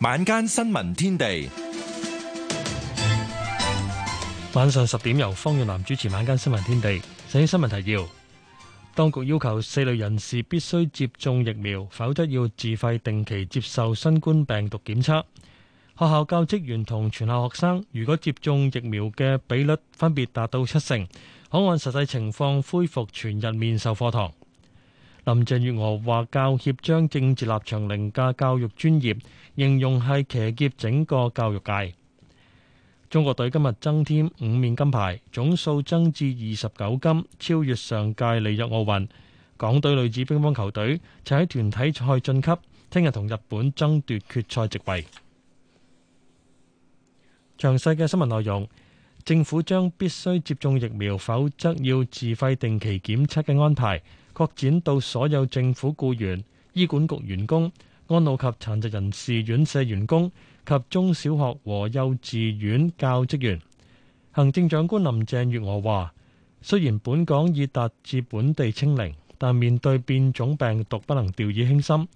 晚間新聞天地，晚上十點由方遠南主持。晚間新聞天地，首先新聞提要：當局要求四類人士必須接種疫苗，否則要自費定期接受新冠病毒檢測。學校教職員同全校學生，如果接種疫苗嘅比率分別達到七成，可按實際情況恢復全日面授課堂。林鄭月娥話，教協將政治立場凌駕教育專業，形容係騎劫整個教育界。中國隊今日增添五面金牌，總數增至二十九金，超越上屆里約奧運。港隊女子乒乓球隊就喺團體賽晉級，聽日同日本爭奪決賽席位。詳細嘅新聞內容，政府將必須接種疫苗，否則要自費定期檢測嘅安排。擴展到所有政府僱員、醫管局員工、安老及殘疾人士院舍員工及中小學和幼稚園教職員。行政長官林鄭月娥話：雖然本港已達至本地清零，但面對變種病毒，不能掉以輕心。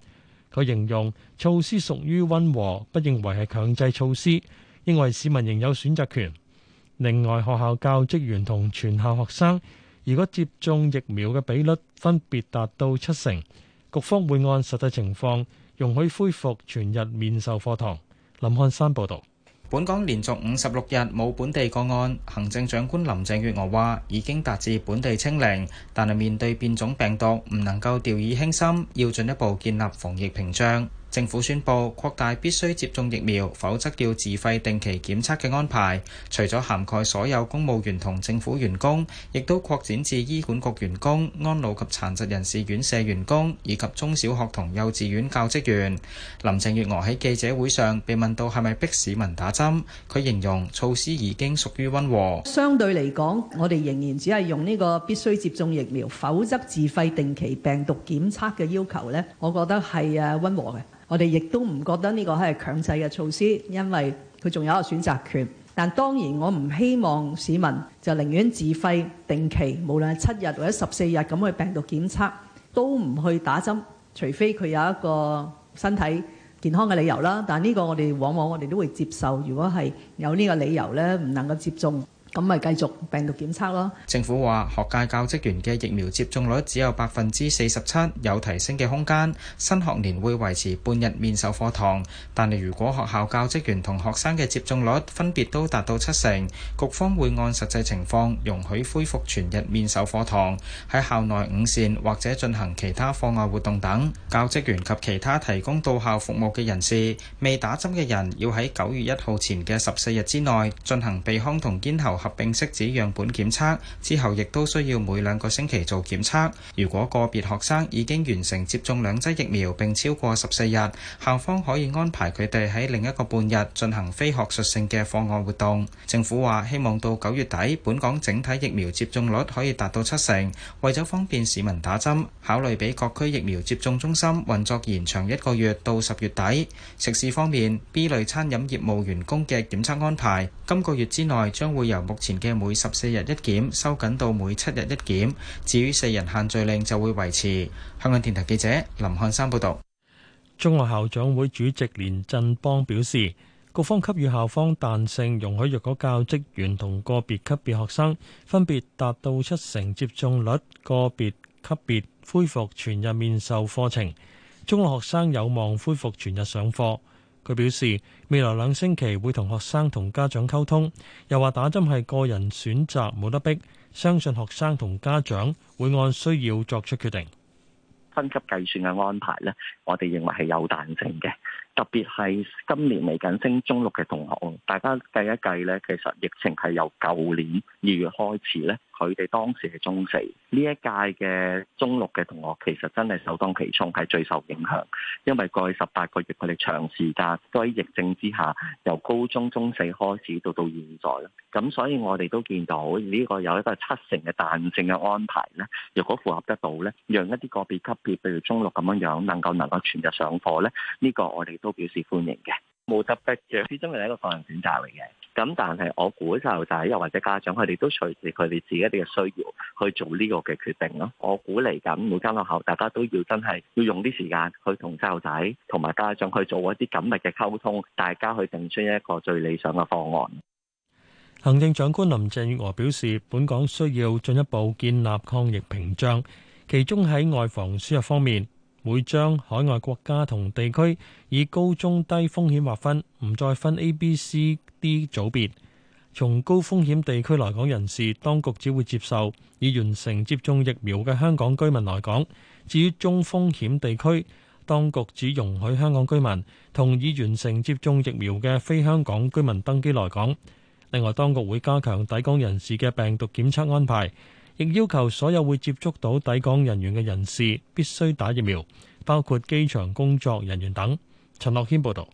佢形容措施屬於溫和，不認為係強制措施，認為市民仍有選擇權。另外，學校教職員同全校學生，如果接種疫苗嘅比率分別達到七成，局方會按實際情況容許恢復全日面授課堂。林漢山報導。本港連續五十六日冇本地個案，行政長官林鄭月娥話已經達至本地清零，但係面對變種病毒唔能夠掉以輕心，要進一步建立防疫屏障。政府宣布，擴大必須接種疫苗，否則要自費定期檢測嘅安排，除咗涵蓋所有公務員同政府員工，亦都擴展至醫管局員工、安老及殘疾人士院舍員工以及中小學同幼稚園教職員。林鄭月娥喺記者會上被問到係咪逼市民打針，佢形容措施已經屬於溫和。相對嚟講，我哋仍然只係用呢個必須接種疫苗，否則自費定期病毒檢測嘅要求呢，我覺得係誒溫和嘅。我哋亦都唔覺得呢個係強制嘅措施，因為佢仲有一個選擇權。但當然，我唔希望市民就寧願自費定期，無論係七日或者十四日咁去病毒檢測，都唔去打針，除非佢有一個身體健康嘅理由啦。但呢個我哋往往我哋都會接受，如果係有呢個理由呢，唔能夠接種。咁咪繼續病毒檢測咯。政府話學界教職員嘅疫苗接種率只有百分之四十七，有提升嘅空間。新學年會維持半日面授課堂，但係如果學校教職員同學生嘅接種率分別都達到七成，局方會按實際情況容許恢復全日面授課堂，喺校內午膳或者進行其他課外活動等。教職員及其他提供到校服務嘅人士，未打針嘅人要喺九月一號前嘅十四日之內進行鼻腔同咽喉合併拭子樣本檢測之後亦都需要每兩個星期做檢測。如果個別學生已經完成接種兩劑疫苗並超過十四日，校方可以安排佢哋喺另一個半日進行非學術性嘅課外活動。政府話希望到九月底，本港整體疫苗接種率可以達到七成。為咗方便市民打針，考慮俾各區疫苗接種中心運作延長一個月到十月底。食肆方面，B 類餐飲業務員工嘅檢測安排，今個月之內將會由目的目前嘅每十四日一檢收緊到每七日一檢，至於四人限聚令就會維持。香港電台記者林漢生報導。中學校長會主席連振邦表示，局方給予校方彈性容許，若果教職員同個別級別學生分別達到七成接種率，個別級別恢復全日面授課程，中學學生有望恢復全日上課。佢表示，未來兩星期會同學生同家長溝通，又話打針係個人選擇冇得逼，相信學生同家長會按需要作出決定。分級計算嘅安排咧，我哋認為係有彈性嘅，特別係今年嚟緊升中六嘅同學，大家計一計咧，其實疫情係由舊年二月開始咧。佢哋當時係中四，呢一屆嘅中六嘅同學其實真係首當其衝，係最受影響，因為過去十八個月佢哋長時間都喺疫症之下，由高中中四開始到到現在啦。咁所以我哋都見到呢個有一個七成嘅彈性嘅安排呢，如果符合得到呢，讓一啲個別級別，譬如中六咁樣樣能夠能夠全日上課呢，呢個我哋都表示歡迎嘅，冇特別嘅，始終係真係一個個人選擇嚟嘅。咁，但係我估細路仔又或者家長，佢哋都隨時佢哋自己一啲嘅需要去做呢個嘅決定咯。我估嚟緊每間學校，大家都要真係要用啲時間去同細路仔同埋家長去做一啲緊密嘅溝通，大家去定出一個最理想嘅方案。行政長官林鄭月娥表示，本港需要進一步建立抗疫屏障，其中喺外防輸入方面。會將海外國家同地區以高、中、低風險劃分，唔再分 A、B、C、D 組別。從高風險地區來港人士，當局只會接受已完成接種疫苗嘅香港居民來港。至於中風險地區，當局只容許香港居民同已完成接種疫苗嘅非香港居民登機來港。另外，當局會加強抵港人士嘅病毒檢測安排。亦要求所有會接觸到抵港人員嘅人士必須打疫苗，包括機場工作人員等。陳樂軒報導，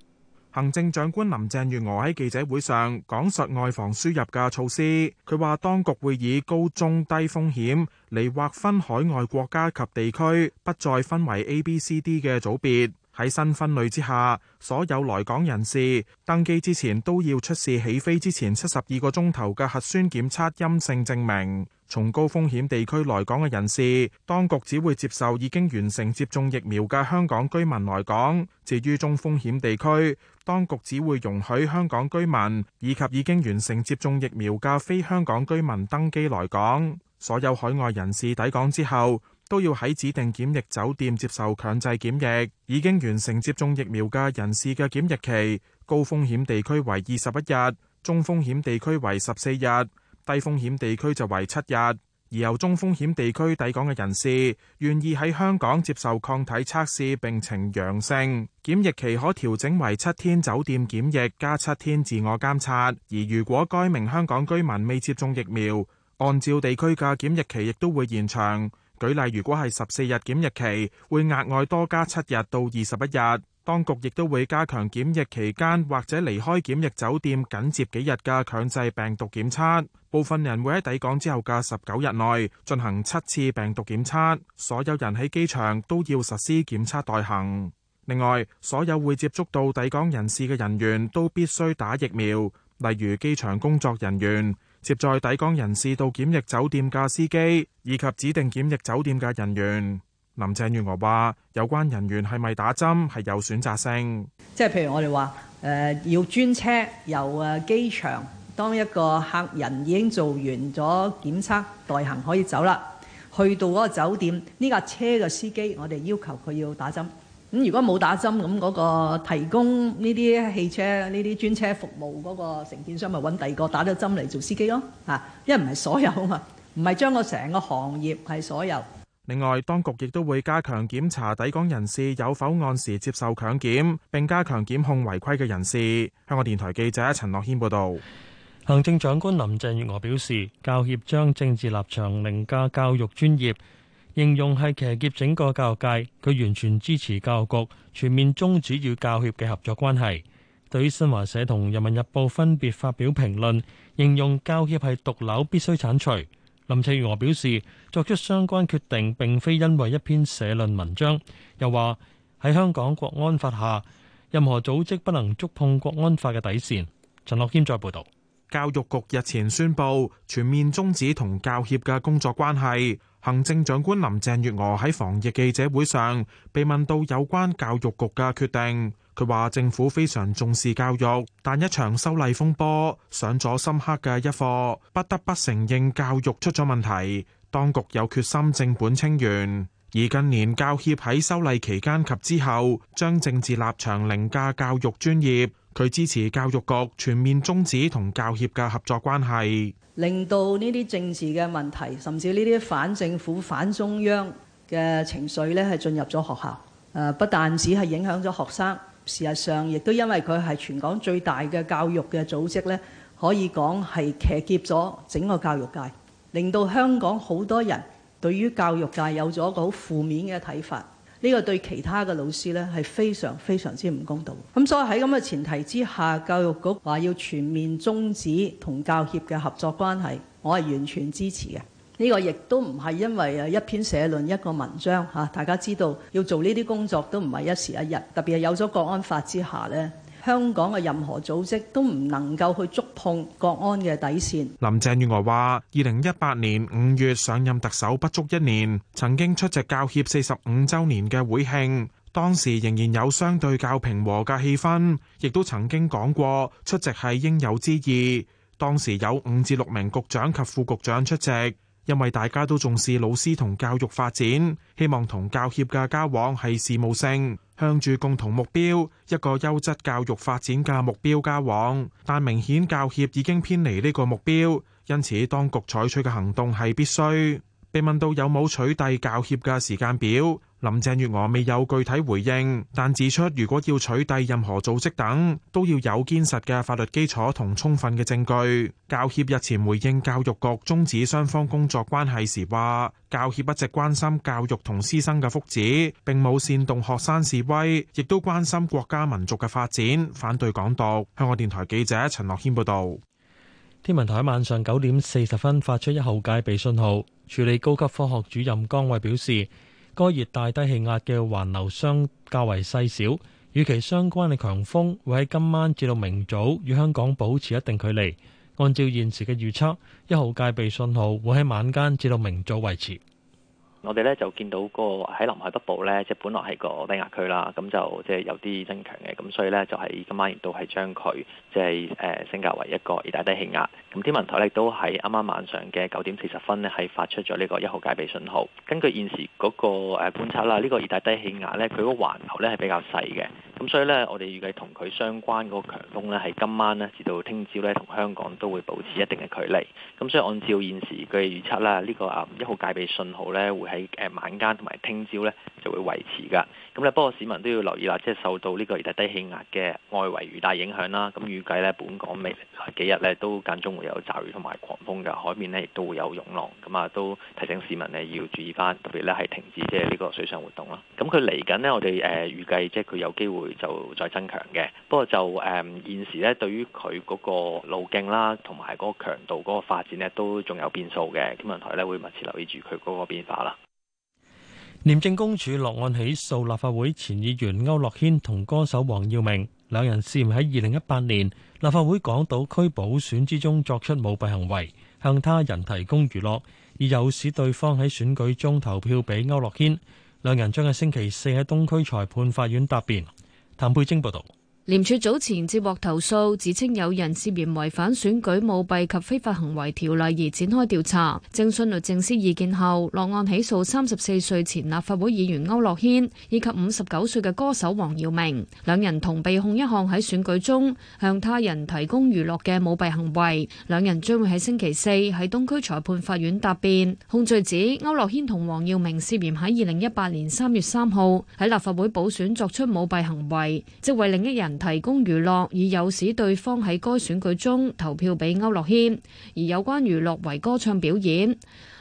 行政長官林鄭月娥喺記者會上講述外防輸入嘅措施。佢話，當局會以高中低風險嚟劃分海外國家及地區，不再分為 A、B、C、D 嘅組別。喺新分類之下，所有來港人士登機之前都要出示起飛之前七十二個鐘頭嘅核酸檢測陰性證明。從高風險地區來港嘅人士，當局只會接受已經完成接種疫苗嘅香港居民來港；至於中風險地區，當局只會容許香港居民，以及已經完成接種疫苗嘅非香港居民登機來港。所有海外人士抵港之後，都要喺指定檢疫酒店接受強制檢疫。已經完成接種疫苗嘅人士嘅檢疫期，高風險地區為二十一日，中風險地區為十四日，低風險地區就為七日。而由中風險地區抵港嘅人士，願意喺香港接受抗體測試並呈陽性，檢疫期可調整為七天酒店檢疫加七天自我監察。而如果該名香港居民未接種疫苗，按照地區嘅檢疫期亦都會延長。舉例，如果係十四日檢疫期，會額外多加七日到二十一日。當局亦都會加強檢疫期間或者離開檢疫酒店緊接幾日嘅強制病毒檢測。部分人會喺抵港之後嘅十九日內進行七次病毒檢測。所有人喺機場都要實施檢測待行。另外，所有會接觸到抵港人士嘅人員都必須打疫苗，例如機場工作人員。接載抵港人士到檢疫酒店嘅司機，以及指定檢疫酒店嘅人員，林鄭月娥話：有關人員係咪打針係有選擇性，即係譬如我哋話，誒、呃、要專車由誒機場，當一個客人已經做完咗檢測，待行可以走啦，去到嗰個酒店呢架、這個、車嘅司機，我哋要求佢要打針。咁如果冇打針，咁嗰個提供呢啲汽車、呢啲專車服務嗰個承建商，咪揾第二個打咗針嚟做司機咯嚇。因為唔係所有嘛，唔係將個成個行業係所有。另外，當局亦都會加強檢查抵港人士有否按時接受強檢，並加強檢控違規嘅人士。香港電台記者陳樂軒報導。行政長官林鄭月娥表示，教協將政治立場凌駕教育專業。形容係騎劫整個教育界，佢完全支持教育局全面終止與教協嘅合作關係。對於新華社同《人民日報》分別發表評論，形容教協係毒瘤必須剷除。林鄭月娥表示，作出相關決定並非因為一篇社論文章，又話喺香港國安法下，任何組織不能觸碰國安法嘅底線。陳樂謙再報道。教育局日前宣佈全面終止同教協嘅工作關係。行政長官林鄭月娥喺防疫記者會上被問到有關教育局嘅決定，佢話政府非常重視教育，但一場修例風波上咗深刻嘅一課，不得不承認教育出咗問題。當局有決心正本清源。而近年教協喺修例期間及之後，將政治立場凌駕教育專業。佢支持教育局全面終止同教協嘅合作關係，令到呢啲政治嘅問題，甚至呢啲反政府、反中央嘅情緒咧，係進入咗學校。誒，不但止係影響咗學生，事實上亦都因為佢係全港最大嘅教育嘅組織咧，可以講係騎劫咗整個教育界，令到香港好多人對於教育界有咗一個好負面嘅睇法。呢個對其他嘅老師呢係非常非常之唔公道的。咁所以喺咁嘅前提之下，教育局話要全面終止同教協嘅合作關係，我係完全支持嘅。呢個亦都唔係因為一篇社論一個文章、啊、大家知道要做呢啲工作都唔係一時一日，特別係有咗國安法之下呢。香港嘅任何組織都唔能夠去觸碰國安嘅底線。林鄭月娥話：二零一八年五月上任特首不足一年，曾經出席教協四十五週年嘅會慶，當時仍然有相對較平和嘅氣氛，亦都曾經講過出席係應有之義。當時有五至六名局長及副局長出席。因為大家都重視老師同教育發展，希望同教協嘅交往係事務性，向住共同目標，一個優質教育發展嘅目標交往。但明顯教協已經偏離呢個目標，因此當局採取嘅行動係必須。被問到有冇取締教協嘅時間表？林鄭月娥未有具體回應，但指出如果要取締任何組織等，都要有堅實嘅法律基礎同充分嘅證據。教協日前回應教育局終止雙方工作關係時，話教協一直關心教育同師生嘅福祉，並冇煽動學生示威，亦都關心國家民族嘅發展，反對港獨。香港電台記者陳樂謙報道。天文台晚上九點四十分發出一號戒備信號。署理高級科學主任江偉表示，該熱帶低氣壓嘅環流相較為細小，與其相關嘅強風會喺今晚至到明早與香港保持一定距離。按照現時嘅預測，一號戒備信號會喺晚間至到明早維持。我哋咧就見到個喺南海北部咧，即係本來係個低壓區啦，咁就即係有啲增強嘅，咁所以咧就喺、是、今晚亦都係將佢即係誒升格為一個熱帶低氣壓。咁天文台咧亦都喺啱啱晚上嘅九點四十分咧係發出咗呢個一號戒備信號。根據現時嗰個誒觀察啦，呢、這個熱帶低氣壓咧佢個環流咧係比較細嘅。咁所以咧，我哋預計同佢相關嗰個強風咧，係今晚咧至到聽朝咧，同香港都會保持一定嘅距離。咁所以按照現時嘅預測啦，呢個啊一號戒備信號咧，會喺誒晚間同埋聽朝咧就會維持噶。咁咧，不過市民都要留意啦，即係受到呢個熱帶低氣壓嘅外圍雨帶影響啦。咁預計咧，本港未來幾日咧都間中會有驟雨同埋狂風㗎，海面咧亦都會有湧浪。咁啊，都提醒市民咧要注意返，特別咧係停止即係呢個水上活動啦。咁佢嚟緊咧，我哋誒預計即係佢有機會就再增強嘅。不過就誒、呃、現時咧，對於佢嗰個路徑啦，同埋嗰個強度、嗰個發展咧，都仲有變數嘅。天文台咧會密切留意住佢嗰個變化啦。廉政公署落案起訴立法會前議員區諾軒同歌手黃耀明，兩人涉嫌喺二零一八年立法會港島區補選之中作出舞弊行為，向他人提供娛樂而誘使對方喺選舉中投票俾區諾軒，兩人將喺星期四喺東區裁判法院答辯。譚佩晶報道。廉署早前接獲投訴，指稱有人涉嫌違反選舉舞弊及非法行為條例而展開調查。徵詢律政司意見後，落案起訴三十四歲前立法會議員區諾軒以及五十九歲嘅歌手黃耀明。兩人同被控一項喺選舉中向他人提供娛樂嘅舞弊行為。兩人將會喺星期四喺東區裁判法院答辯。控罪指區諾軒同黃耀明涉嫌喺二零一八年三月三號喺立法會補選作出舞弊行為，即為另一人。N -2 提供娛樂以誘使對方喺該選舉中投票俾歐樂軒，而有關娛樂為歌唱表演。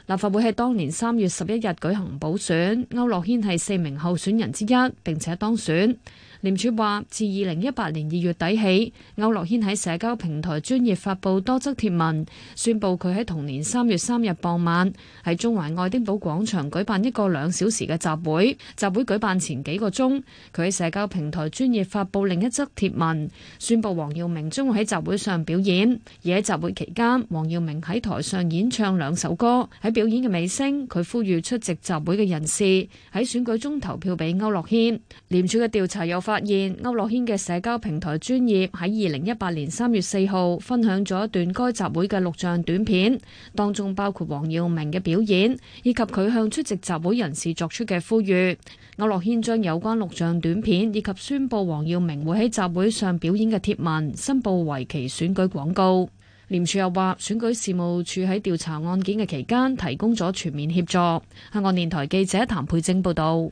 立法會喺當年三月十一日舉行補選，歐樂軒係四名候選人之一，並且當選。廉署話：自二零一八年二月底起，歐樂軒喺社交平台專頁發布多則貼文，宣佈佢喺同年三月三日傍晚喺中環愛丁堡廣場舉辦一個兩小時嘅集會。集會舉辦前幾個鐘，佢喺社交平台專頁發布另一則貼文，宣佈黃耀明將會喺集會上表演。而喺集會期間，黃耀明喺台上演唱兩首歌。喺表演嘅尾聲，佢呼籲出席集會嘅人士喺選舉中投票俾歐樂軒。廉署嘅調查又發。發現歐樂軒嘅社交平台專頁喺二零一八年三月四號分享咗一段該集會嘅錄像短片，當中包括黃耀明嘅表演以及佢向出席集會人士作出嘅呼籲。歐樂軒將有關錄像短片以及宣布黃耀明會喺集會上表演嘅貼文申報為其選舉廣告。廉署又話，選舉事務處喺調查案件嘅期間提供咗全面協助。香港電台記者譚佩晶報道。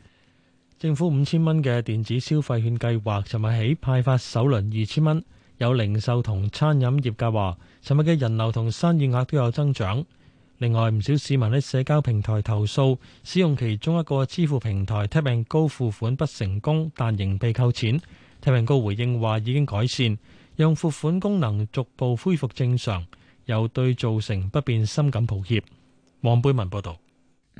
政府五千蚊嘅電子消費券計劃尋日起派發首輪二千蚊，有零售同餐飲業界話尋日嘅人流同生意額都有增長。另外，唔少市民喺社交平台投訴使用其中一個支付平台，Tap & Go 付款不成功，但仍被扣錢。Tap & Go 回應話已經改善，讓付款功能逐步恢復正常，又對造成不便深感抱歉。黃貝文報道。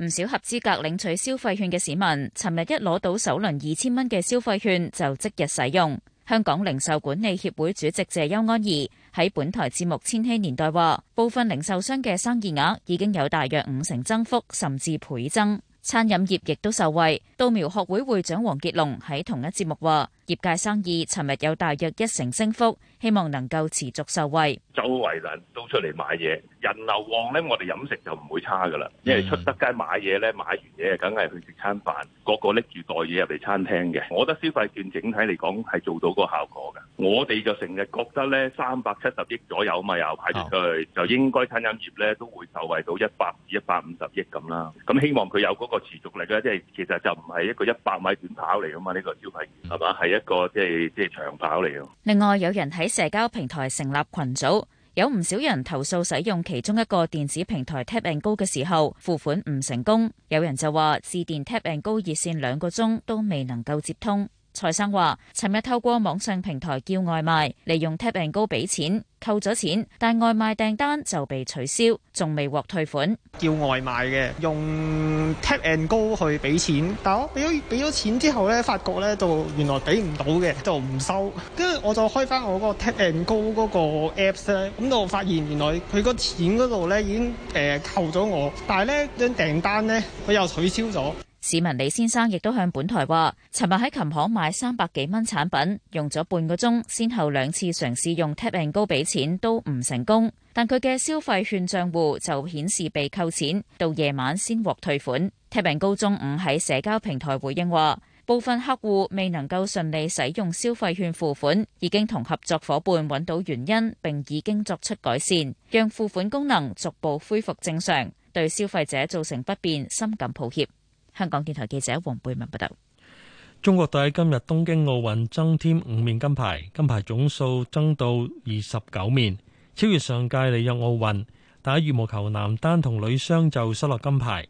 唔少合資格領取消費券嘅市民，尋日一攞到首輪二千蚊嘅消費券，就即日使用。香港零售管理協會主席謝邱安儀喺本台節目《千禧年代》話：部分零售商嘅生意額已經有大約五成增幅，甚至倍增。餐飲業亦都受惠。稻苗學會會長黃傑龍喺同一節目話。業界生意，尋日有大約一成升幅，希望能夠持續受惠。周圍人都出嚟買嘢，人流旺咧，我哋飲食就唔會差噶啦。因為出得街買嘢咧，買完嘢梗係去食餐飯，個個拎住袋嘢入嚟餐廳嘅。我覺得消費券整體嚟講係做到個效果嘅。我哋就成日覺得咧，三百七十億左右啊嘛，又派出去，oh. 就應該餐飲業咧都會受惠到一百至一百五十億咁啦。咁希望佢有嗰個持續力咧，即係其實就唔係一個一百米短跑嚟噶嘛。呢、這個消費券係嘛，係一。個即係即係長跑嚟咯。另外，有人喺社交平台成立群組，有唔少人投訴使用其中一個電子平台 Tap and Go 嘅時候付款唔成功。有人就話致電 Tap and Go 熱線兩個鐘都未能夠接通。蔡生話，尋日透過網上平台叫外賣，利用 Tap and Go 俾錢，扣咗錢，但外賣訂單就被取消，仲未獲退款。叫外賣嘅用 Tap and Go 去俾錢，但我俾咗俾咗錢之後咧，發覺咧就原來俾唔到嘅，就唔收。跟住我就開翻我個 Tap and Go 嗰個 apps 咧，咁就發現原來佢個錢嗰度咧已經誒扣咗我，但係咧張訂單咧佢又取消咗。市民李先生亦都向本台話，尋日喺琴行買三百幾蚊產品，用咗半個鐘，先後兩次嘗試用 Tap & Go 俾錢都唔成功，但佢嘅消費券賬戶就顯示被扣錢，到夜晚先獲退款。Tap & Go 中午喺社交平台回應話，部分客戶未能夠順利使用消費券付款，已經同合作伙伴揾到原因，並已經作出改善，讓付款功能逐步恢復正常，對消費者造成不便，深感抱歉。香港電台記者黃貝文報道：中國隊今日東京奧運增添五面金牌，金牌總數增到二十九面，超越上屆里約奧運。打羽毛球男單同女雙就失落金牌。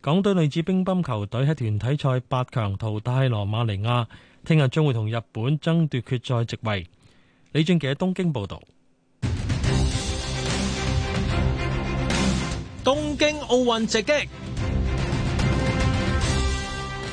港隊女子乒乓球隊喺團體賽八強淘汰羅馬尼亞，聽日將會同日本爭奪決賽席位。李俊傑喺東京報道。東京奧運直擊。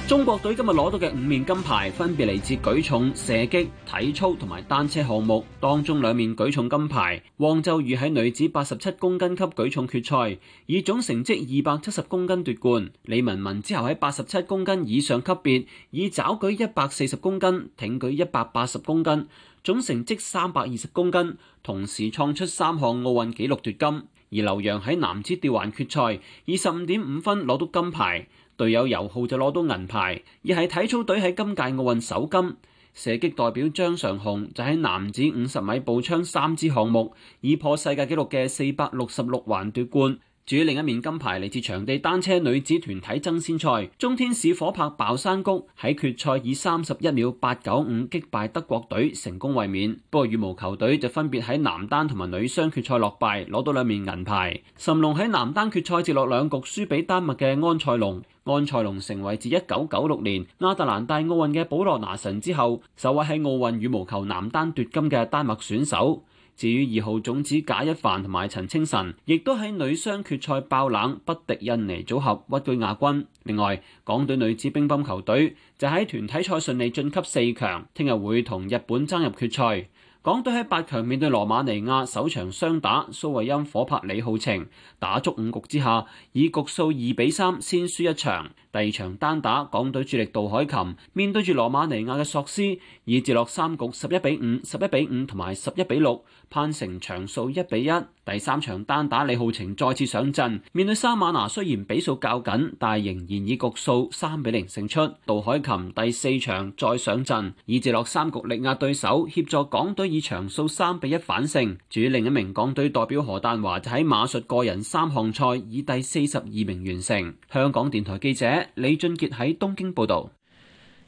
中國隊今日攞到嘅五面金牌，分別嚟自舉重、射擊、體操同埋單車項目，當中兩面舉重金牌。汪周雨喺女子八十七公斤級舉重決賽，以總成績二百七十公斤奪冠。李雯雯之後喺八十七公斤以上級別，以抓舉一百四十公斤、挺舉一百八十公斤，總成績三百二十公斤，同時創出三項奧運紀錄奪金。而劉洋喺男子吊環決賽，以十五點五分攞到金牌。隊友尤浩就攞到銀牌，而係體操隊喺今屆奧運首金，射擊代表張常鴻就喺男子五十米步槍三姿項目以破世界紀錄嘅四百六十六環奪冠。至於另一面金牌嚟自場地單車女子團體爭先賽，鍾天使夥拍鮑珊菊喺決賽以三十一秒八九五擊敗德國隊成功衛冕。不過羽毛球隊就分別喺男單同埋女雙決賽落敗，攞到兩面銀牌。諶龍喺男單決賽接落兩局輸俾丹麥嘅安賽龍，安賽龍成為自一九九六年亞特蘭大奧運嘅保羅拿神之後，首位喺奧運羽毛球男單奪金嘅丹麥選手。至於二號種子賈一凡同埋陳清晨，亦都喺女雙決賽爆冷，不敵印尼組合，屈居亞軍。另外，港隊女子乒乓球隊就喺團體賽順利晉級四強，聽日會同日本爭入決賽。港隊喺八強面對羅馬尼亞，首場雙打蘇慧音夥拍李皓晴，打足五局之下，以局數二比三先輸一場。第二場單打港隊主力杜凱琴面對住羅馬尼亞嘅索斯，以直落三局十一比五、十一比五同埋十一比六，扳成場數一比一。第三場單打李皓晴再次上陣，面對沙馬拿，雖然比數較緊，但係仍然以局數三比零勝出。杜凱琴第四場再上陣，以直落三局力壓對手，協助港隊以場數三比一反勝，至於另一名港隊代表何丹華就喺馬術個人三項賽以第四十二名完成。香港電台記者李俊杰喺東京報道。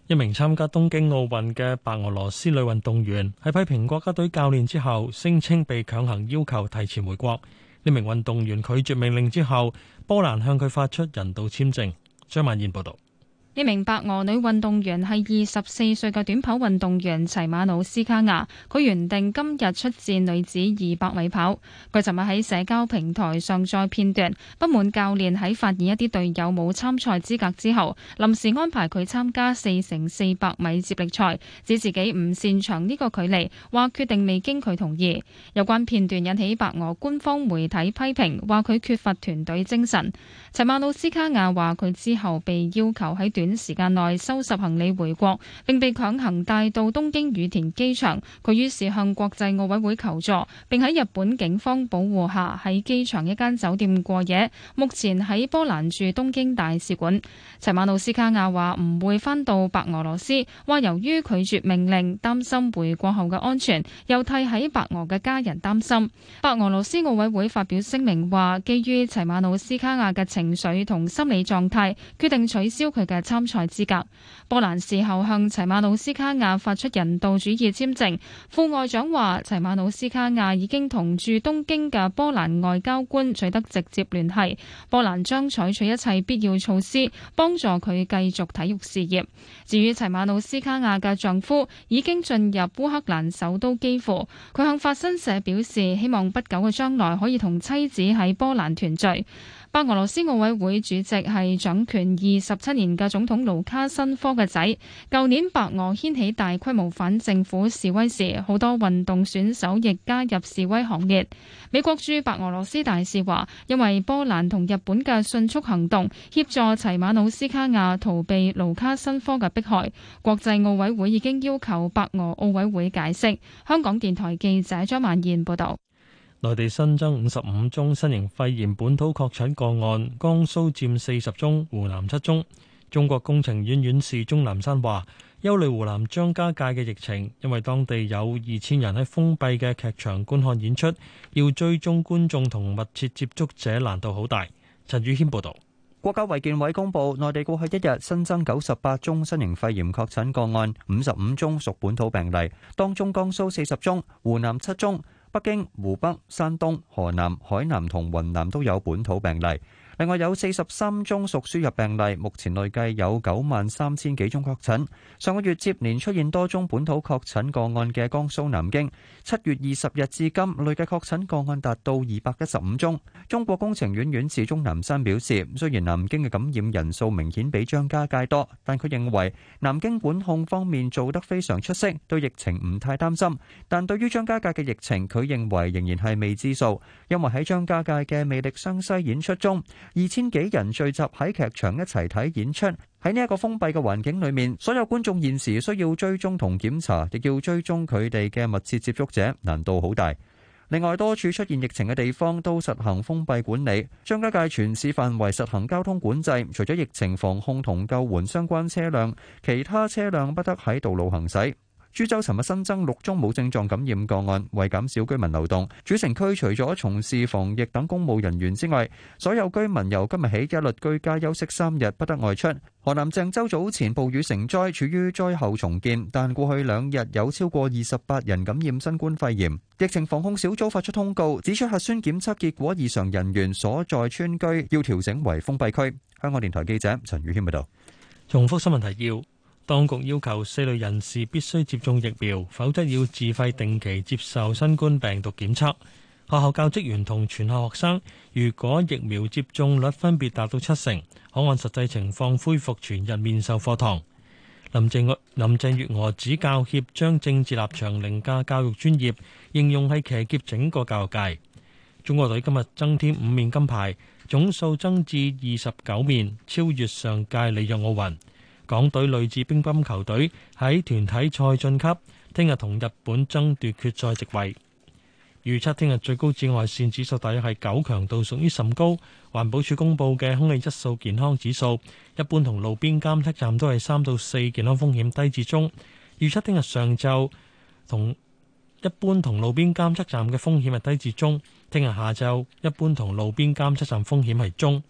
一名參加東京奧運嘅白俄羅斯女運動員喺批評國家隊教練之後，聲稱被強行要求提前回國。呢名運動員拒絕命令之後，波蘭向佢發出人道簽證。張曼燕報道。呢名白俄女運動員係二十四歲嘅短跑運動員齊馬努斯卡亞，佢原定今日出戰女子二百米跑。佢尋日喺社交平台上載片段，不滿教練喺發現一啲隊友冇參賽資格之後，臨時安排佢參加四乘四百米接力賽，指自己唔擅長呢個距離，話決定未經佢同意。有關片段引起白俄官方媒體批評，話佢缺乏團隊精神。齊馬努斯卡亞話佢之後被要求喺短時間內收拾行李回國，並被強行帶到東京羽田機場。佢於是向國際奧委會求助，並喺日本警方保護下喺機場一間酒店過夜。目前喺波蘭駐東京大使館。齊馬努斯卡亞話唔會返到白俄羅斯，話由於拒絕命令，擔心回國後嘅安全，又替喺白俄嘅家人擔心。白俄羅斯奧委會發表聲明話，基於齊馬努斯卡亞嘅情緒同心理狀態，決定取消佢嘅。參賽資格。波蘭事後向齊馬努斯卡亞發出人道主義簽證。副外長話：齊馬努斯卡亞已經同駐東京嘅波蘭外交官取得直接聯繫。波蘭將採取一切必要措施，幫助佢繼續體育事業。至於齊馬努斯卡亞嘅丈夫已經進入烏克蘭首都基輔，佢向法新社表示希望不久嘅將來可以同妻子喺波蘭團聚。白俄羅斯奧委會主席係掌權二十七年嘅總統盧卡申科嘅仔。舊年白俄掀起大規模反政府示威時，好多運動選手亦加入示威行列。美國駐白俄羅斯大使話，因為波蘭同日本嘅迅速行動，協助齊馬努斯卡亞逃避盧卡申科嘅迫害，國際奧委會已經要求白俄奧委會解釋。香港電台記者張萬燕報道。內地新增五十五宗新型肺炎本土確診個案，江蘇佔四十宗，湖南七宗。中國工程院院士鍾南山話：憂慮湖南張家界嘅疫情，因為當地有二千人喺封閉嘅劇場觀看演出，要追蹤觀眾同密切接觸者難度好大。陳宇軒報道。國家衛健委公布，內地過去一日新增九十八宗新型肺炎確診個案，五十五宗屬本土病例，當中江蘇四十宗，湖南七宗。北京、湖北、山東、河南、海南同雲南都有本土病例。另外有四十三宗屬輸入病例，目前累計有九萬三千幾宗確診。上個月接連出現多宗本土確診個案嘅江蘇南京，七月二十日至今累計確診個案達到二百一十五宗。中國工程院院士鐘南山表示，雖然南京嘅感染人數明顯比張家界多，但佢認為南京管控方面做得非常出色，對疫情唔太擔心。但對於張家界嘅疫情，佢認為仍然係未知數，因為喺張家界嘅魅力湘西演出中。二千幾人聚集喺劇場一齊睇演出，喺呢一個封閉嘅環境裏面，所有觀眾現時需要追蹤同檢查，亦要追蹤佢哋嘅密切接觸者，難度好大。另外，多處出現疫情嘅地方都實行封閉管理，張家界全市範圍實行交通管制，除咗疫情防控同救援相關車輛，其他車輛不得喺道路行駛。株洲尋日新增六宗冇症狀感染個案，為減少居民流動，主城區除咗從事防疫等公務人員之外，所有居民由今日起一律居家休息三日，不得外出。河南鄭州早前暴雨成災，處於災後重建，但過去兩日有超過二十八人感染新冠肺炎。疫情防控小組發出通告，指出核酸檢測結果異常人員所在村居要調整為封閉區。香港電台記者陳宇謙報道。重複新聞提要。當局要求四類人士必須接種疫苗，否則要自費定期接受新冠病毒檢測。學校教職員同全校學生，如果疫苗接種率分別達到七成，可按實際情況恢復全日面授課堂。林鄭月娥指教協將政治立場凌駕教育專業，形容係騎劫整個教育界。中國隊今日增添五面金牌，總數增至二十九面，超越上屆里約奧運。港隊類似乒乓球隊喺團體賽晉級，聽日同日本爭奪決賽席位。預測聽日最高紫外線指數大約係九強度，屬於甚高。環保署公布嘅空氣質素健康指數，一般同路邊監測站都係三到四，健康風險低至中。預測聽日上晝同一般同路邊監測站嘅風險係低至中，聽日下晝一般同路邊監測站風險係中。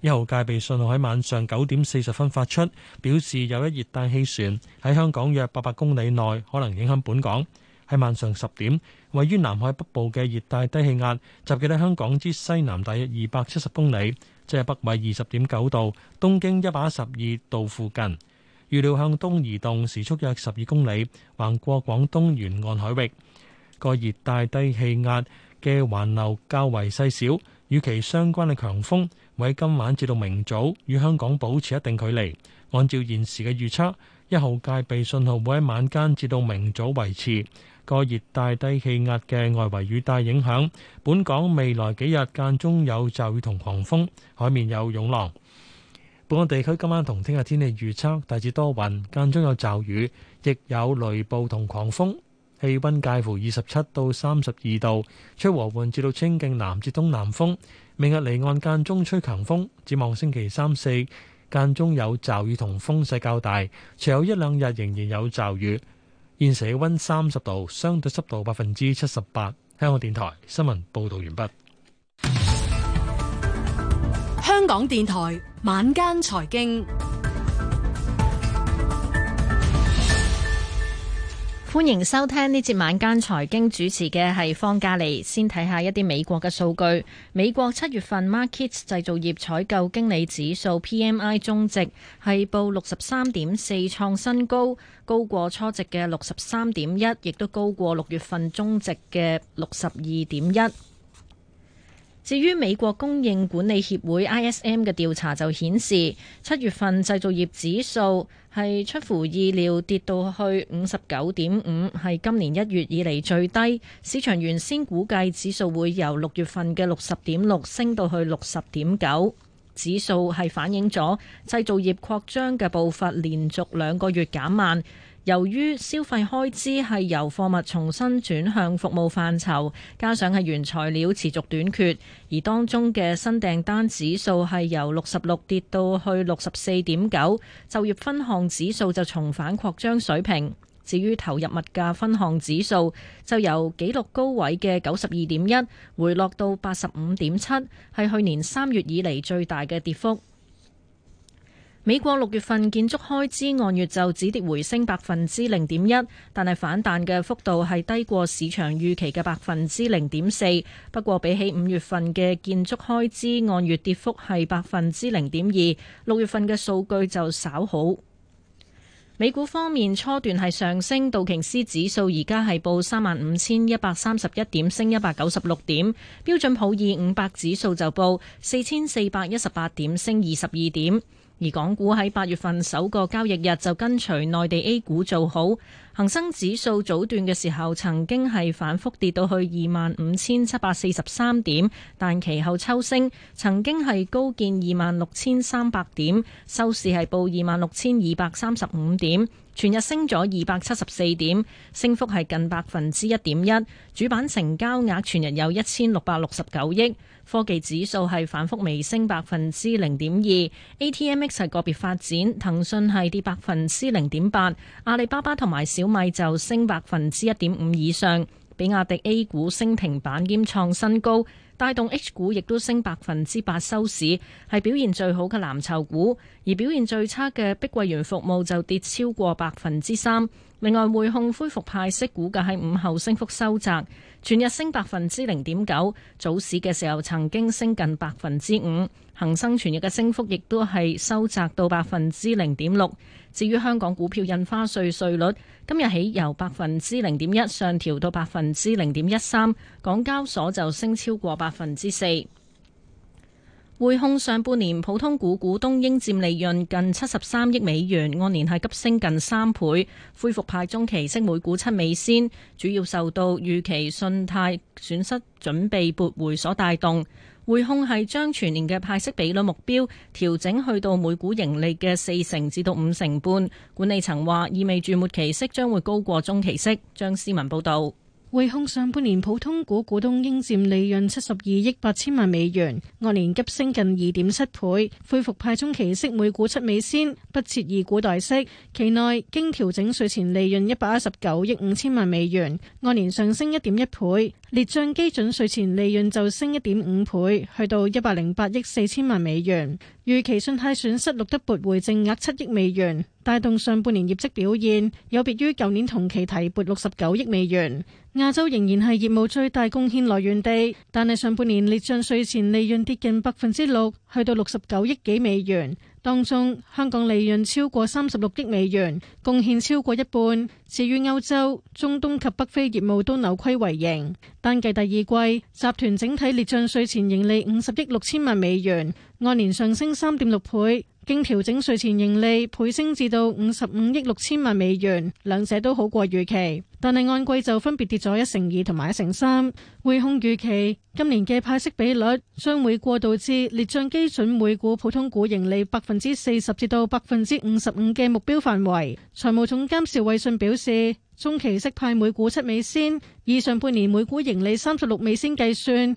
一號戒備信號喺晚上九點四十分發出，表示有一熱帶氣旋喺香港約八百公里內可能影響本港。喺晚上十點，位於南海北部嘅熱帶低氣壓，集結喺香港之西南大約二百七十公里，即係北緯二十點九度、東經一百一十二度附近。預料向東移動時速約十二公里，橫過廣東沿岸海域。個熱帶低氣壓嘅環流較為細小，與其相關嘅強風。會喺今晚至到明早，與香港保持一定距離。按照現時嘅預測，一號戒備信號會喺晚間至到明早維持。個熱帶低氣壓嘅外圍雨帶影響本港，未來幾日間中有驟雨同狂風，海面有湧浪。本港地區今晚同聽日天氣預測，大致多雲，間中有驟雨，亦有雷暴同狂風。氣溫介乎二十七到三十二度，吹和緩至到清勁南至東南風。明日離岸間中吹強風，展望星期三、四間中有驟雨同風勢較大，除有一兩日仍然有驟雨。現時氣溫三十度，相對濕度百分之七十八。香港電台新聞報道完畢。香港電台晚間財經。歡迎收聽呢節晚間財經主持嘅係方嘉利。先睇下一啲美國嘅數據。美國七月份 Markets 製造業採購經理指數 P M I 終值係報六十三點四，創新高，高過初值嘅六十三點一，亦都高過六月份終值嘅六十二點一。至於美國供應管理協會 ISM 嘅調查就顯示，七月份製造業指數係出乎意料跌到去五十九點五，係今年一月以嚟最低。市場原先估計指數會由六月份嘅六十點六升到去六十點九，指數係反映咗製造業擴張嘅步伐連續兩個月減慢。由於消費開支係由貨物重新轉向服務範疇，加上係原材料持續短缺，而當中嘅新訂單指數係由六十六跌到去六十四點九，就業分項指數就重返擴張水平。至於投入物價分項指數，就由紀錄高位嘅九十二點一回落到八十五點七，係去年三月以嚟最大嘅跌幅。美國六月份建築開支按月就止跌回升百分之零點一，但係反彈嘅幅度係低過市場預期嘅百分之零點四。不過比起五月份嘅建築開支按月跌幅係百分之零點二，六月份嘅數據就稍好。美股方面初段係上升，道瓊斯指數而家係報三萬五千一百三十一點，升一百九十六點；標準普爾五百指數就報四千四百一十八點，升二十二點。而港股喺八月份首個交易日就跟隨內地 A 股做好，恒生指數早段嘅時候曾經係反覆跌到去二萬五千七百四十三點，但其後抽升，曾經係高見二萬六千三百點，收市係報二萬六千二百三十五點。全日升咗二百七十四點，升幅係近百分之一點一。主板成交額全日有一千六百六十九億。科技指數係反復微升百分之零點二。A T M X 係個別發展，騰訊係跌百分之零點八，阿里巴巴同埋小米就升百分之一點五以上。比亞迪 A 股升停板兼創新高。帶動 H 股亦都升百分之八收市，係表現最好嘅藍籌股。而表現最差嘅碧桂園服務就跌超過百分之三。另外，匯控恢復派息，股價喺午後升幅收窄，全日升百分之零點九。早市嘅時候曾經升近百分之五。恒生全日嘅升幅亦都係收窄到百分之零點六。至於香港股票印花稅稅率，今日起由百分之零點一上調到百分之零點一三。港交所就升超過百分之四。匯控上半年普通股股東應佔利潤近七十三億美元，按年係急升近三倍，恢復派中期息每股七美仙，主要受到預期信貸損失準備撥回所帶動。匯控係將全年嘅派息比率目標調整去到每股盈利嘅四成至到五成半，管理層話意味住末期息將會高過中期息。張思文報道，匯控上半年普通股股東應佔利潤七十二億八千萬美元，按年急升近二點七倍，恢復派中期息每股七美仙，不設以股代息。期內經調整稅前利潤一百一十九億五千萬美元，按年上升一點一倍。列將基準稅前利潤就升一點五倍，去到一百零八億四千萬美元。預期信貸損失錄得撥回淨額七億美元，帶動上半年業績表現，有別於舊年同期提撥六十九億美元。亞洲仍然係業務最大貢獻來源地，但係上半年列將稅前利潤跌近百分之六，去到六十九億幾美元。當中，香港利潤超過三十六億美元，貢獻超過一半。至於歐洲、中東及北非業務都扭虧為盈。單計第二季，集團整體列賬稅前盈利五十億六千萬美元，按年上升三點六倍。經調整稅前盈利倍升至到五十五億六千萬美元，兩者都好過預期，但係按季就分別跌咗一成二同埋一成三。匯控預期今年嘅派息比率將會過渡至列賬基準每股普通股盈利百分之四十至到百分之五十五嘅目標範圍。財務總監邵偉信表示，中期息派每股七美仙，以上半年每股盈利三十六美仙計算。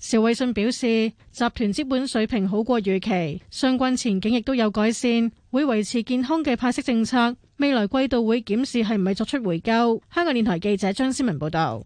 邵偉信表示，集團資本水平好過預期，相關前景亦都有改善，會維持健康嘅派息政策，未來季度會檢視係唔係作出回購。香港電台記者張思文報道。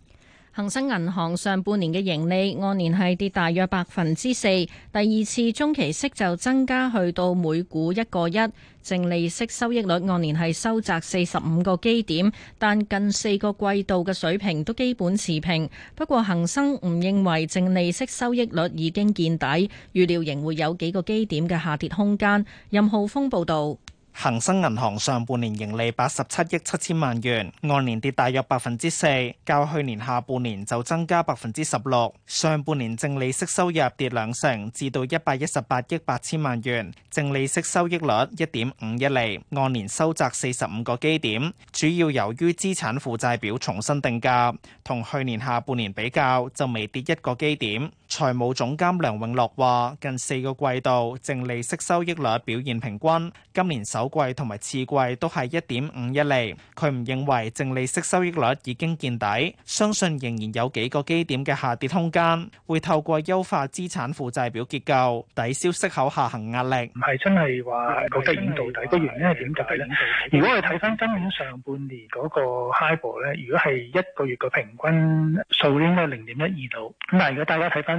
恆生銀行上半年嘅盈利按年係跌大約百分之四，第二次中期息就增加去到每股一個一，淨利息收益率，按年係收窄四十五個基點，但近四個季度嘅水平都基本持平。不過恆生唔認為淨利息收益率已經見底，預料仍會有幾個基點嘅下跌空間。任浩峰報道。恒生銀行上半年盈利八十七億七千萬元，按年跌大約百分之四，較去年下半年就增加百分之十六。上半年淨利息收入跌兩成，至到一百一十八億八千萬元，淨利息收益率一點五一厘，按年收窄四十五個基點，主要由於資產負債表重新定價，同去年下半年比較就未跌一個基點。財務總監梁永樂話，近四個季度，淨利息收益率表現平均，今年首季同埋次季都係1.51厘，佢唔認為淨利息收益率已經見底，相信仍然有幾個基點嘅下跌空間，會透過優化資產負債表結構，抵消息口下行壓力。零點一二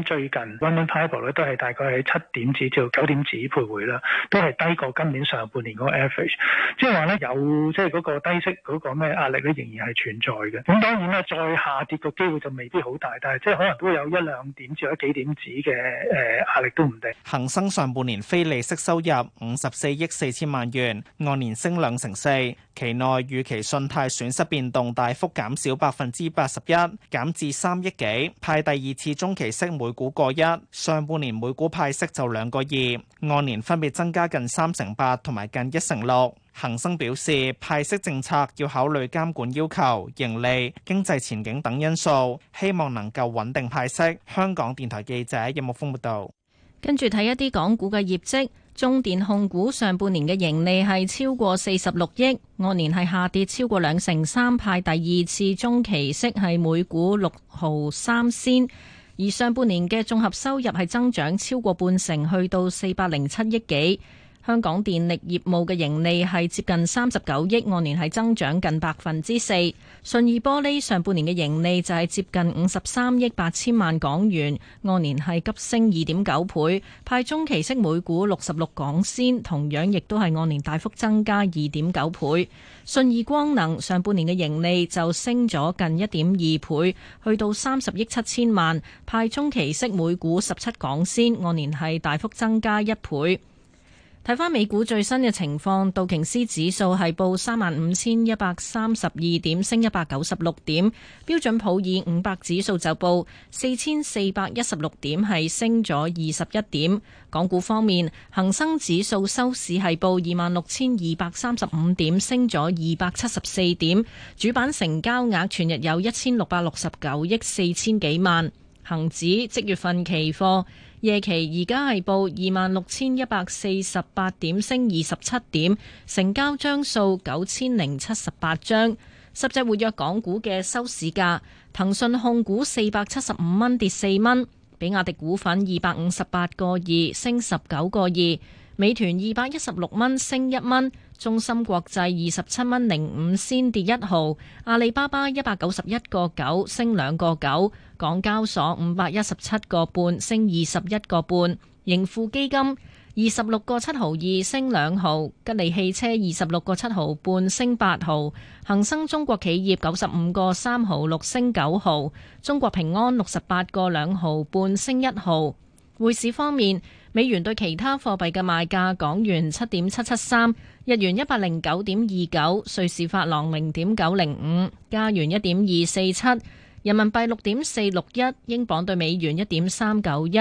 最近 OneOnePablo 咧都係大概喺七點子至到九點子徘徊啦，都係低過今年上半年嗰個 average，即係話咧有即係嗰個低息嗰個咩壓力咧仍然係存在嘅。咁當然啦，再下跌個機會就未必好大，但係即係可能都有一兩點至一幾點子嘅誒壓力都唔定。恒生上半年非利息收入五十四億四千萬元，按年升兩成四。期內預期信貸損失變動大幅減少百分之八十一，減至三億幾。派第二次中期息每股個一，上半年每股派息就兩個二，按年分別增加近三成八同埋近一成六。恒生表示派息政策要考慮監管要求、盈利、經濟前景等因素，希望能夠穩定派息。香港電台記者任木豐報道。跟住睇一啲港股嘅業績。中電控股上半年嘅盈利係超過四十六億，按年係下跌超過兩成三，派第二次中期息係每股六毫三仙，而上半年嘅綜合收入係增長超過半成，去到四百零七億幾。香港電力業務嘅盈利係接近三十九億，按年係增長近百分之四。信義玻璃上半年嘅盈利就係接近五十三億八千萬港元，按年係急升二點九倍，派中期息每股六十六港仙，同樣亦都係按年大幅增加二點九倍。信義光能上半年嘅盈利就升咗近一點二倍，去到三十億七千萬，派中期息每股十七港仙，按年係大幅增加一倍。睇翻美股最新嘅情況，道瓊斯指數係報三萬五千一百三十二點，升一百九十六點。標準普爾五百指數就報四千四百一十六點，係升咗二十一點。港股方面，恒生指數收市係報二萬六千二百三十五點，升咗二百七十四點。主板成交額全日有一千六百六十九億四千幾萬。恒指即月份期貨，夜期而家係報二萬六千一百四十八點，升二十七點，成交張數九千零七十八張，十隻活躍港股嘅收市價，騰訊控股四百七十五蚊跌四蚊，比亞迪股份二百五十八個二升十九個二，美團二百一十六蚊升一蚊。中芯國際二十七蚊零五，先跌一毫；阿里巴巴一百九十一個九，升兩個九；港交所五百一十七個半，升二十一個半；盈富基金二十六個七毫二，升兩毫；吉利汽車二十六個七毫半，升八毫；恒生中國企業九十五個三毫六，升九毫；中國平安六十八個兩毫半，升一毫。匯市方面，美元對其他貨幣嘅賣價：港元七點七七三，日元一百零九點二九，瑞士法郎零點九零五，加元一點二四七，人民幣六點四六一，英鎊對美元一點三九一，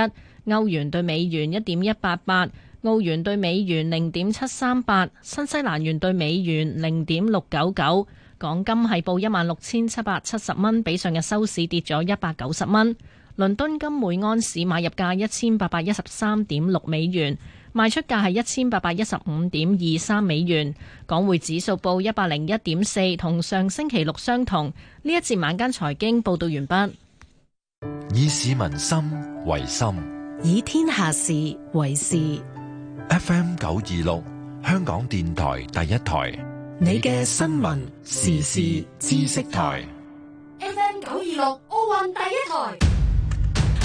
歐元對美元一點一八八，澳元對美元零點七三八，新西蘭元對美元零點六九九。港金係報一萬六千七百七十蚊，比上日收市跌咗一百九十蚊。倫敦金每安士買入價一千八百一十三點六美元，賣出價係一千八百一十五點二三美元。港匯指數報一百零一點四，同上星期六相同。呢一節晚間財經報道完畢。以市民心為心，以天下事為事。F M 九二六香港電台第一台，你嘅新聞時事知識台。F M 九二六奧運第一台。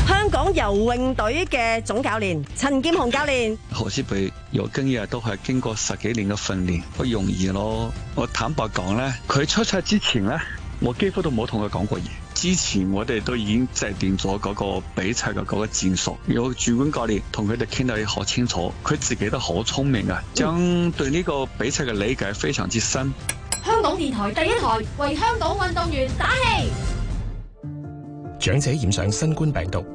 香港游泳隊嘅總教練陳劍雄教練，何詩蓓有經驗，都係經過十幾年嘅訓練，不容易咯。我坦白講咧，佢出賽之前咧，我幾乎都冇同佢講過嘢。之前我哋都已經制定咗嗰個比賽嘅嗰個戰術，有主管教練同佢哋傾到好清楚。佢自己都好聰明噶、啊，嗯、將對呢個比賽嘅理解非常之深。香港電台第一台為香港運動員打氣。長者染上新冠病毒。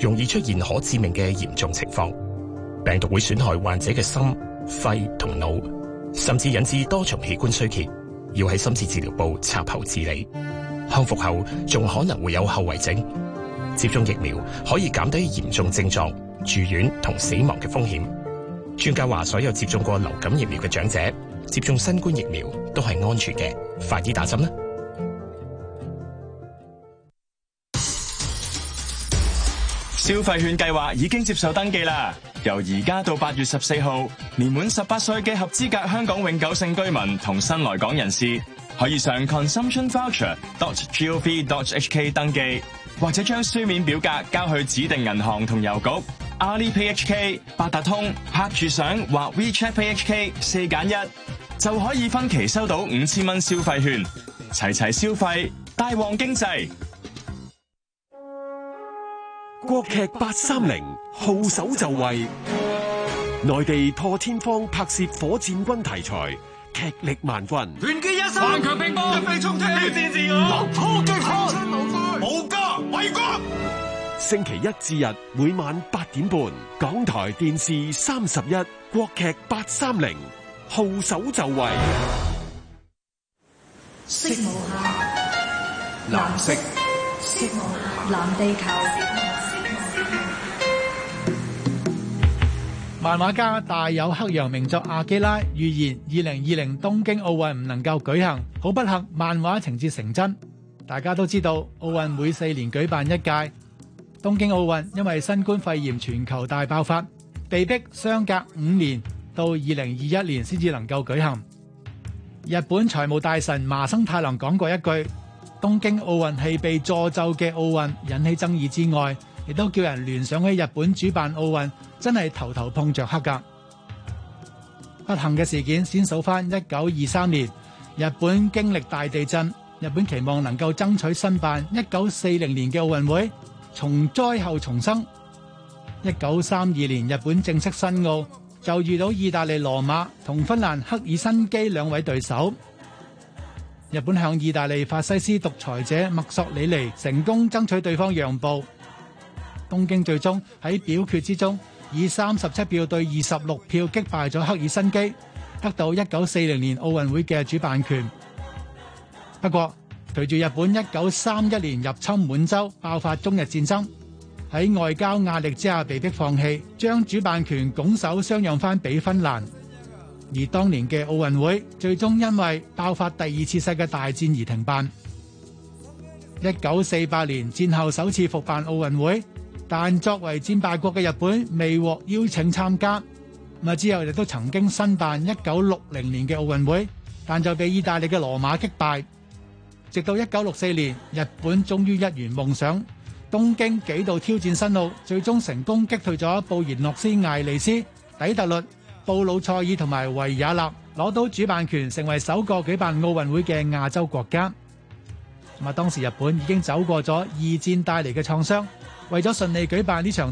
容易出現可致命嘅嚴重情況，病毒會損害患者嘅心、肺同腦，甚至引致多重器官衰竭，要喺深切治療部插喉治理。康復後仲可能會有後遺症。接種疫苗可以減低嚴重症狀、住院同死亡嘅風險。專家話，所有接種過流感疫苗嘅長者，接種新冠疫苗都係安全嘅，快啲打針啦！消費券計劃已經接受登記啦！由而家到八月十四號，年滿十八歲嘅合資格香港永久性居民同新來港人士，可以上 consumptionvoucher .dot.gov .dot.hk 登記，或者將書面表格交去指定銀行同郵局，阿里 Pay HK、八達通拍住相或 WeChat Pay HK 四揀一，1, 就可以分期收到五千蚊消費券，齊齊消費，大旺經濟。國劇八三零號手就位，內地破天荒拍攝火箭軍題材，劇力萬分，團結一心，頑強拼搏，一飛衝天，立破極限，無疆偉光。星期一至日每晚八點半，港台電視三十一，國劇八三零號手就位。色無下，藍色，色無下，藍地球。漫畫家大友克洋名作阿基拉預言二零二零東京奧運唔能夠舉行，好不幸漫畫情節成真。大家都知道奧運每四年舉辦一屆，東京奧運因為新冠肺炎全球大爆發，被逼相隔五年到二零二一年先至能夠舉行。日本財務大臣麻生太郎講過一句：東京奧運係被詛咒嘅奧運，引起爭議之外，亦都叫人聯想起日本主辦奧運。真係頭頭碰着黑噶！不幸嘅事件先數翻一九二三年，日本經歷大地震，日本期望能夠爭取申辦一九四零年嘅奧運會，從災後重生。一九三二年，日本正式申奧，就遇到意大利羅馬同芬蘭赫爾辛基兩位對手。日本向意大利法西斯獨裁者墨索里尼成功爭取對方讓步，東京最終喺表決之中。以三十七票對二十六票擊敗咗赫爾辛基，得到一九四零年奧運會嘅主辦權。不過，隨住日本一九三一年入侵滿洲，爆發中日戰爭，喺外交壓力之下被迫放棄，將主辦權拱手相讓返俾芬蘭。而當年嘅奧運會最終因為爆發第二次世界大戰而停辦。一九四八年戰後首次復辦奧運會。但作為戰敗國嘅日本未獲邀請參加，咁啊之後亦都曾經申辦一九六零年嘅奧運會，但就被意大利嘅羅馬擊敗。直到一九六四年，日本終於一圓夢想，東京幾度挑戰申奧，最終成功擊退咗布宜諾斯艾利斯、底特律、布魯塞爾同埋維也納，攞到主辦權，成為首個舉辦奧運會嘅亞洲國家。咁啊，當時日本已經走過咗二戰帶嚟嘅創傷。為咗順利舉辦呢場。